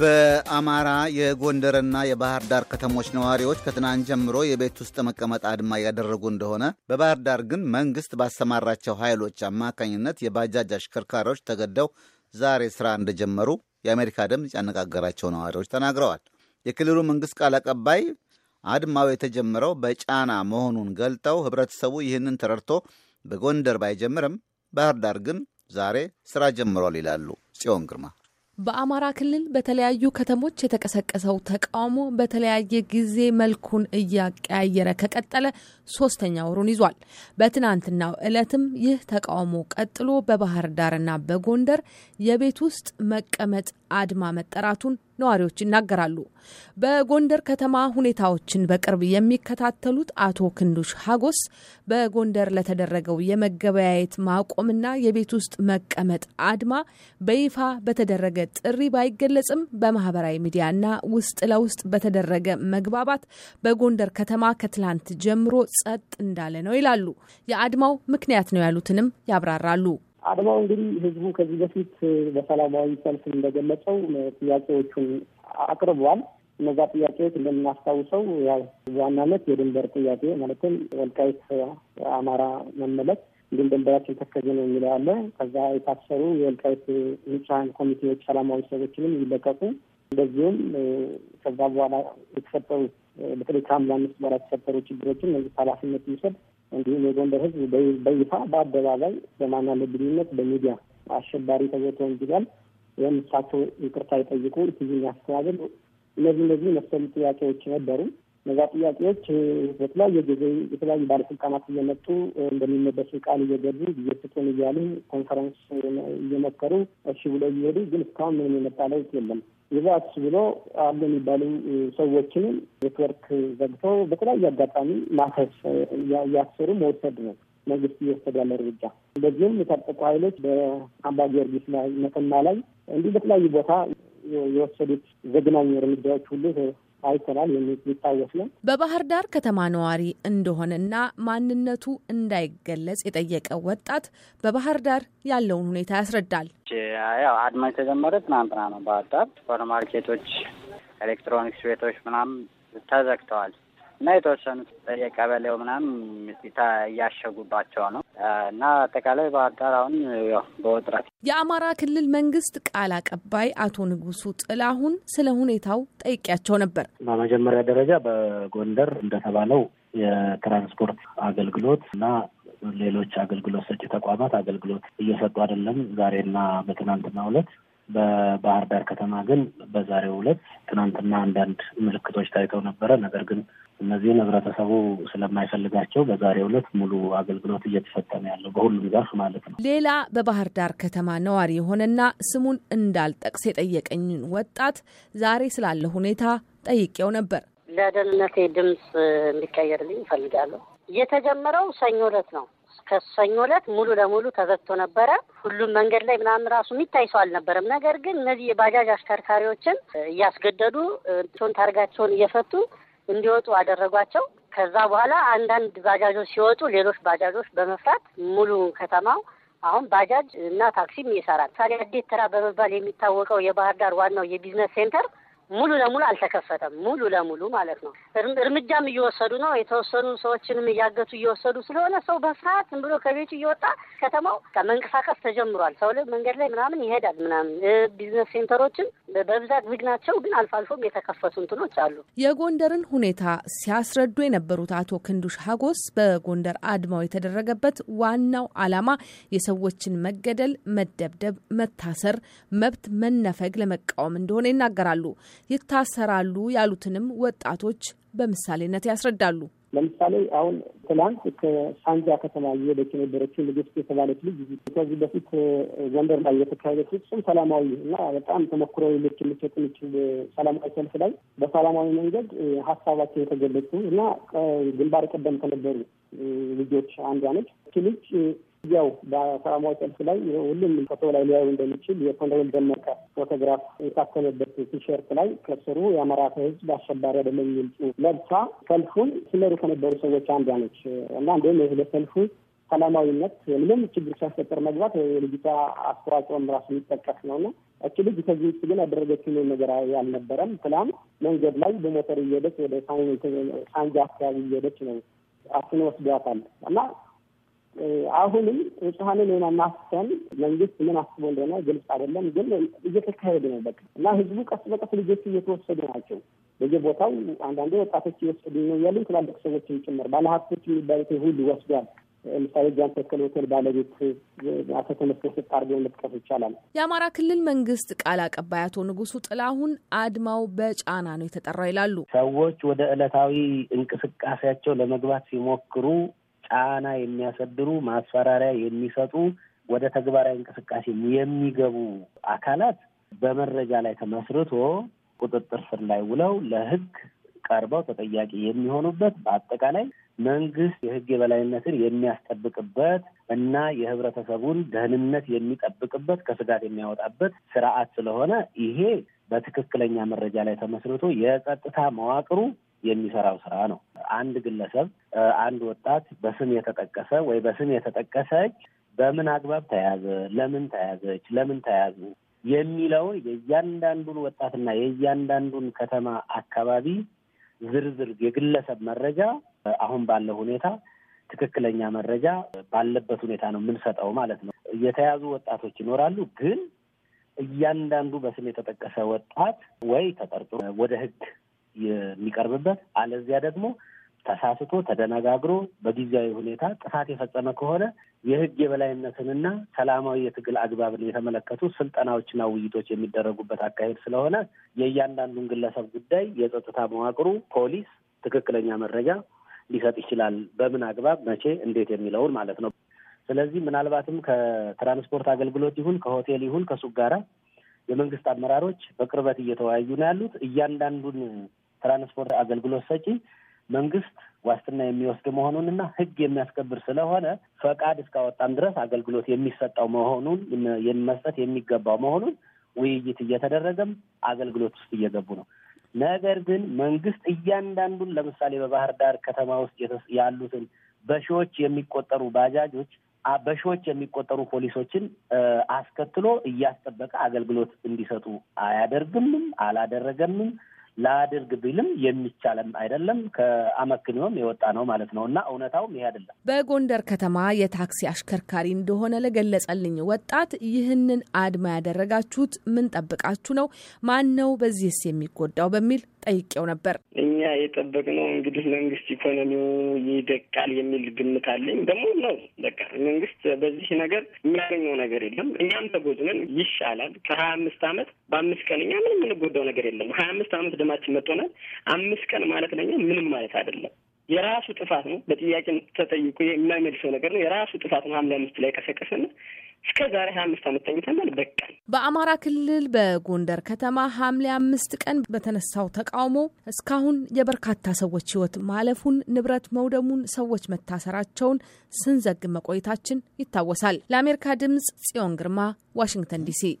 በአማራ የጎንደርና የባህር ዳር ከተሞች ነዋሪዎች ከትናንት ጀምሮ የቤት ውስጥ መቀመጥ አድማ እያደረጉ እንደሆነ፣ በባህር ዳር ግን መንግሥት ባሰማራቸው ኃይሎች አማካኝነት የባጃጅ አሽከርካሪዎች ተገደው ዛሬ ሥራ እንደጀመሩ የአሜሪካ ድምፅ ያነጋገራቸው ነዋሪዎች ተናግረዋል። የክልሉ መንግሥት ቃል አቀባይ አድማው የተጀመረው በጫና መሆኑን ገልጠው ህብረተሰቡ ይህንን ተረድቶ በጎንደር ባይጀምርም ባህር ዳር ግን ዛሬ ስራ ጀምሯል ይላሉ ጽዮን ግርማ። በአማራ ክልል በተለያዩ ከተሞች የተቀሰቀሰው ተቃውሞ በተለያየ ጊዜ መልኩን እያቀያየረ ከቀጠለ ሶስተኛ ወሩን ይዟል። በትናንትናው ዕለትም ይህ ተቃውሞ ቀጥሎ በባህር ዳርና በጎንደር የቤት ውስጥ መቀመጥ አድማ መጠራቱን ነዋሪዎች ይናገራሉ። በጎንደር ከተማ ሁኔታዎችን በቅርብ የሚከታተሉት አቶ ክንዱሽ ሀጎስ በጎንደር ለተደረገው የመገበያየት ማቆምና የቤት ውስጥ መቀመጥ አድማ በይፋ በተደረገ ጥሪ ባይገለጽም በማህበራዊ ሚዲያና ውስጥ ለውስጥ በተደረገ መግባባት በጎንደር ከተማ ከትላንት ጀምሮ ጸጥ እንዳለ ነው ይላሉ። የአድማው ምክንያት ነው ያሉትንም ያብራራሉ። አድማው እንግዲህ ህዝቡ ከዚህ በፊት በሰላማዊ ሰልፍ እንደገለጸው ጥያቄዎቹን አቅርቧል። እነዛ ጥያቄዎች እንደምናስታውሰው ያው በዋናነት የድንበር ጥያቄ ማለትም ወልቃይት አማራ መመለስ እንዲሁም ድንበራችን ተከዜ ነው የሚለው አለ። ከዛ የታሰሩ የወልቃይት ንጹሐን ኮሚቴዎች ሰላማዊ ሰዎችንም ይለቀቁ፣ እንደዚሁም ከዛ በኋላ የተፈጠሩ በተለይ ከሐምሌ አምስት በኋላ የተፈጠሩ ችግሮችን መንግስት ኃላፊነት ይውሰድ እንዲሁም የጎንደር ህዝብ በይፋ በአደባባይ በማናለብኝነት በሚዲያ አሸባሪ ተገቶ ተወንጅሏል። ወይም እሳቸው ይቅርታ ይጠይቁ ህዝብን ያስተባብል እነዚህ እነዚህ መሰሉ ጥያቄዎች ነበሩ። እነዛ ጥያቄዎች በተለያየ ጊዜ የተለያዩ ባለስልጣናት እየመጡ እንደሚመደሱ ቃል እየገቡ ጊዜ ስጡን እያሉ ኮንፈረንስ እየመከሩ እሺ ብሎ እየሄዱ ግን እስካሁን ምንም የመጣ ለውጥ የለም። ይዛት ብሎ አሉ የሚባሉ ሰዎችንም ኔትወርክ ዘግተው በተለያየ አጋጣሚ ማፈስ እያሰሩ መወሰድ ነው መንግስት እየወሰድ ያለ እርምጃ። እንደዚህም የታጠቁ ኃይሎች በአምባ ጊዮርጊስ ላይ መተማ ላይ እንዲህ በተለያዩ ቦታ የወሰዱት ዘግናኝ እርምጃዎች ሁሉ አይተናል። የሚታወስ ነው። በባህር ዳር ከተማ ነዋሪ እንደሆነና ማንነቱ እንዳይገለጽ የጠየቀ ወጣት በባህር ዳር ያለውን ሁኔታ ያስረዳል። ያው አድማ የተጀመረ ትናንትና ነው። ባህር ዳር ሱፐር ማርኬቶች፣ ኤሌክትሮኒክስ ቤቶች ምናምን ተዘግተዋል። እና የተወሰኑት የቀበሌው ምናምን እያሸጉባቸው ነው እና አጠቃላይ ባህር ዳር አሁን በውጥረት የአማራ ክልል መንግስት ቃል አቀባይ አቶ ንጉሱ ጥላሁን ስለ ሁኔታው ጠይቂያቸው ነበር። በመጀመሪያ ደረጃ በጎንደር እንደተባለው የትራንስፖርት አገልግሎት እና ሌሎች አገልግሎት ሰጪ ተቋማት አገልግሎት እየሰጡ አይደለም። ዛሬና በትናንትናው ዕለት በባህር ዳር ከተማ ግን በዛሬው ዕለት ትናንትና አንዳንድ ምልክቶች ታይተው ነበረ። ነገር ግን እነዚህን ህብረተሰቡ ስለማይፈልጋቸው በዛሬው ዕለት ሙሉ አገልግሎት እየተሰጠ ነው ያለው በሁሉም ዘርፍ ማለት ነው። ሌላ በባህር ዳር ከተማ ነዋሪ የሆነና ስሙን እንዳልጠቅስ የጠየቀኝን ወጣት ዛሬ ስላለ ሁኔታ ጠይቄው ነበር። ለደህንነቴ ድምፅ እንዲቀየርልኝ እፈልጋለሁ። የተጀመረው ሰኞ ዕለት ነው። ከሰኞ ዕለት ሙሉ ለሙሉ ተዘግቶ ነበረ። ሁሉም መንገድ ላይ ምናምን ራሱ የሚታይ ሰው አልነበረም። ነገር ግን እነዚህ የባጃጅ አሽከርካሪዎችን እያስገደዱ ታርጋቸውን እየፈቱ እንዲወጡ አደረጓቸው። ከዛ በኋላ አንዳንድ ባጃጆች ሲወጡ ሌሎች ባጃጆች በመፍራት ሙሉ ከተማው አሁን ባጃጅ እና ታክሲም ይሰራል። ሳሪ አዴት ተራ በመባል የሚታወቀው የባህር ዳር ዋናው የቢዝነስ ሴንተር ሙሉ ለሙሉ አልተከፈተም። ሙሉ ለሙሉ ማለት ነው። እርምጃም እየወሰዱ ነው። የተወሰኑ ሰዎችንም እያገቱ እየወሰዱ ስለሆነ ሰው በፍርሃት ዝም ብሎ ከቤቱ እየወጣ ከተማው መንቀሳቀስ ተጀምሯል። ሰው መንገድ ላይ ምናምን ይሄዳል ምናምን። ቢዝነስ ሴንተሮችን በብዛት ዝግ ናቸው፣ ግን አልፎ አልፎም የተከፈቱ እንትኖች አሉ። የጎንደርን ሁኔታ ሲያስረዱ የነበሩት አቶ ክንዱሽ ሀጎስ በጎንደር አድማው የተደረገበት ዋናው ዓላማ የሰዎችን መገደል፣ መደብደብ፣ መታሰር፣ መብት መነፈግ ለመቃወም እንደሆነ ይናገራሉ። ይታሰራሉ ያሉትንም ወጣቶች በምሳሌነት ያስረዳሉ። ለምሳሌ አሁን ትናንት ከሳንጃ ከተማ እየሄደች የነበረችው ንግስት የተባለች ልጅ ከዚህ በፊት ጎንደር ላይ የተካሄደ ፍጹም ሰላማዊ እና በጣም ተሞክሮ ልች የምትሰጥ የሚችል ሰላማዊ ሰልፍ ላይ በሰላማዊ መንገድ ሀሳባቸው የተገለጹ እና ግንባር ቀደም ከነበሩ ልጆች አንዷ ነች። ልጅ ያው በሰላማዊ ሰልፍ ላይ ሁሉም ፎቶ ላይ ሊያዩ እንደሚችል የኮሎኔል ደመቀ ፎቶግራፍ የታተመበት ቲሸርት ላይ ከስሩ የአማራ ሕዝብ አሸባሪ አይደለም የሚል ጽሑፍ ለብሳ ሰልፉን ስመሩ ከነበሩ ሰዎች አንዷ ነች እና እንዲሁም ይህ ለሰልፉ ሰላማዊነት ምንም ችግር ሲያስፈጠር መግባት የልጅቷ አስተዋጽኦም ራሱ የሚጠቀስ ነው እና እቺ ልጅ ከዚህ ውጭ ግን ያደረገችው ነገር አልነበረም። ትናንት መንገድ ላይ በሞተር እየሄደች ወደ ሳንጃ አካባቢ እየሄደች ነው አስን ወስዷታል እና አሁንም ንጹሐንን የማማሰን መንግስት ምን አስቦ እንደሆነ ግልጽ አይደለም፣ ግን እየተካሄደ ነው። በቃ እና ህዝቡ ቀስ በቀስ ልጆቹ እየተወሰዱ ናቸው በየቦታው አንዳንዴ ወጣቶች እየወሰዱ ነው ያሉ ትላልቅ ሰዎችን ጭምር ባለሀብቶች የሚባሉት ሁሉ ወስዷል። ለምሳሌ ጃን ተክል ሆቴል ባለቤት አቶ ተመስገን ስጣርገው መጥቀስ ይቻላል። የአማራ ክልል መንግስት ቃል አቀባይ አቶ ንጉሱ ጥላሁን አድማው በጫና ነው የተጠራው ይላሉ። ሰዎች ወደ ዕለታዊ እንቅስቃሴያቸው ለመግባት ሲሞክሩ ጫና የሚያሳድሩ ማስፈራሪያ የሚሰጡ ወደ ተግባራዊ እንቅስቃሴ የሚገቡ አካላት በመረጃ ላይ ተመስርቶ ቁጥጥር ስር ላይ ውለው ለሕግ ቀርበው ተጠያቂ የሚሆኑበት በአጠቃላይ መንግስት የሕግ የበላይነትን የሚያስጠብቅበት እና የህብረተሰቡን ደህንነት የሚጠብቅበት ከስጋት የሚያወጣበት ስርዓት ስለሆነ ይሄ በትክክለኛ መረጃ ላይ ተመስርቶ የጸጥታ መዋቅሩ የሚሰራው ስራ ነው። አንድ ግለሰብ አንድ ወጣት በስም የተጠቀሰ ወይ በስም የተጠቀሰች በምን አግባብ ተያዘ፣ ለምን ተያዘች፣ ለምን ተያዙ የሚለውን የእያንዳንዱን ወጣትና የእያንዳንዱን ከተማ አካባቢ ዝርዝር የግለሰብ መረጃ አሁን ባለው ሁኔታ ትክክለኛ መረጃ ባለበት ሁኔታ ነው የምንሰጠው ማለት ነው። የተያዙ ወጣቶች ይኖራሉ ግን እያንዳንዱ በስም የተጠቀሰ ወጣት ወይ ተጠርጥሮ ወደ ሕግ የሚቀርብበት አለዚያ ደግሞ ተሳስቶ ተደነጋግሮ በጊዜያዊ ሁኔታ ጥፋት የፈጸመ ከሆነ የሕግ የበላይነትንና ሰላማዊ የትግል አግባብን የተመለከቱ ስልጠናዎችና ውይይቶች የሚደረጉበት አካሄድ ስለሆነ የእያንዳንዱን ግለሰብ ጉዳይ የጸጥታ መዋቅሩ ፖሊስ ትክክለኛ መረጃ ሊሰጥ ይችላል። በምን አግባብ፣ መቼ፣ እንዴት የሚለውን ማለት ነው። ስለዚህ ምናልባትም ከትራንስፖርት አገልግሎት ይሁን ከሆቴል ይሁን ከሱቅ ጋራ የመንግስት አመራሮች በቅርበት እየተወያዩ ነው ያሉት። እያንዳንዱን ትራንስፖርት አገልግሎት ሰጪ መንግስት ዋስትና የሚወስድ መሆኑን እና ህግ የሚያስከብር ስለሆነ ፈቃድ እስካወጣን ድረስ አገልግሎት የሚሰጠው መሆኑን መስጠት የሚገባው መሆኑን ውይይት እየተደረገም አገልግሎት ውስጥ እየገቡ ነው። ነገር ግን መንግስት እያንዳንዱን ለምሳሌ በባህር ዳር ከተማ ውስጥ ያሉትን በሺዎች የሚቆጠሩ ባጃጆች፣ በሺዎች የሚቆጠሩ ፖሊሶችን አስከትሎ እያስጠበቀ አገልግሎት እንዲሰጡ አያደርግምም፣ አላደረገምም። ላድርግ ቢልም የሚቻለም አይደለም ከአመክንዮም የወጣ ነው ማለት ነው እና እውነታውም ይሄ አይደለም። በጎንደር ከተማ የታክሲ አሽከርካሪ እንደሆነ ለገለጸልኝ ወጣት ይህንን አድማ ያደረጋችሁት ምን ጠብቃችሁ ነው? ማን ነው በዚህስ የሚጎዳው? በሚል ጠይቄው ነበር። እኛ የጠበቅነው እንግዲህ መንግስት ኢኮኖሚው ይደቃል የሚል ግምት አለኝ። ደግሞ ነው በቃ መንግስት በዚህ ነገር የሚያገኘው ነገር የለም። እኛም ተጎጅነን ይሻላል። ከሀያ አምስት አመት በአምስት ቀን እኛ ምን የምንጎዳው ነገር የለም። ሀያ አምስት አመት ከተማችን መጥቶናል። አምስት ቀን ማለት ለኛ ምንም ማለት አይደለም። የራሱ ጥፋት ነው። በጥያቄ ተጠይቆ የማይመልሰው ነገር ነው። የራሱ ጥፋት ነው። ሐምሌ አምስት ላይ ቀሰቀሰና እስከ ዛሬ ሀያ አምስት አመት ተኝተናል። በቃ በአማራ ክልል በጎንደር ከተማ ሐምሌ አምስት ቀን በተነሳው ተቃውሞ እስካሁን የበርካታ ሰዎች ህይወት ማለፉን፣ ንብረት መውደሙን፣ ሰዎች መታሰራቸውን ስንዘግብ መቆየታችን ይታወሳል። ለአሜሪካ ድምጽ ጽዮን ግርማ ዋሽንግተን ዲሲ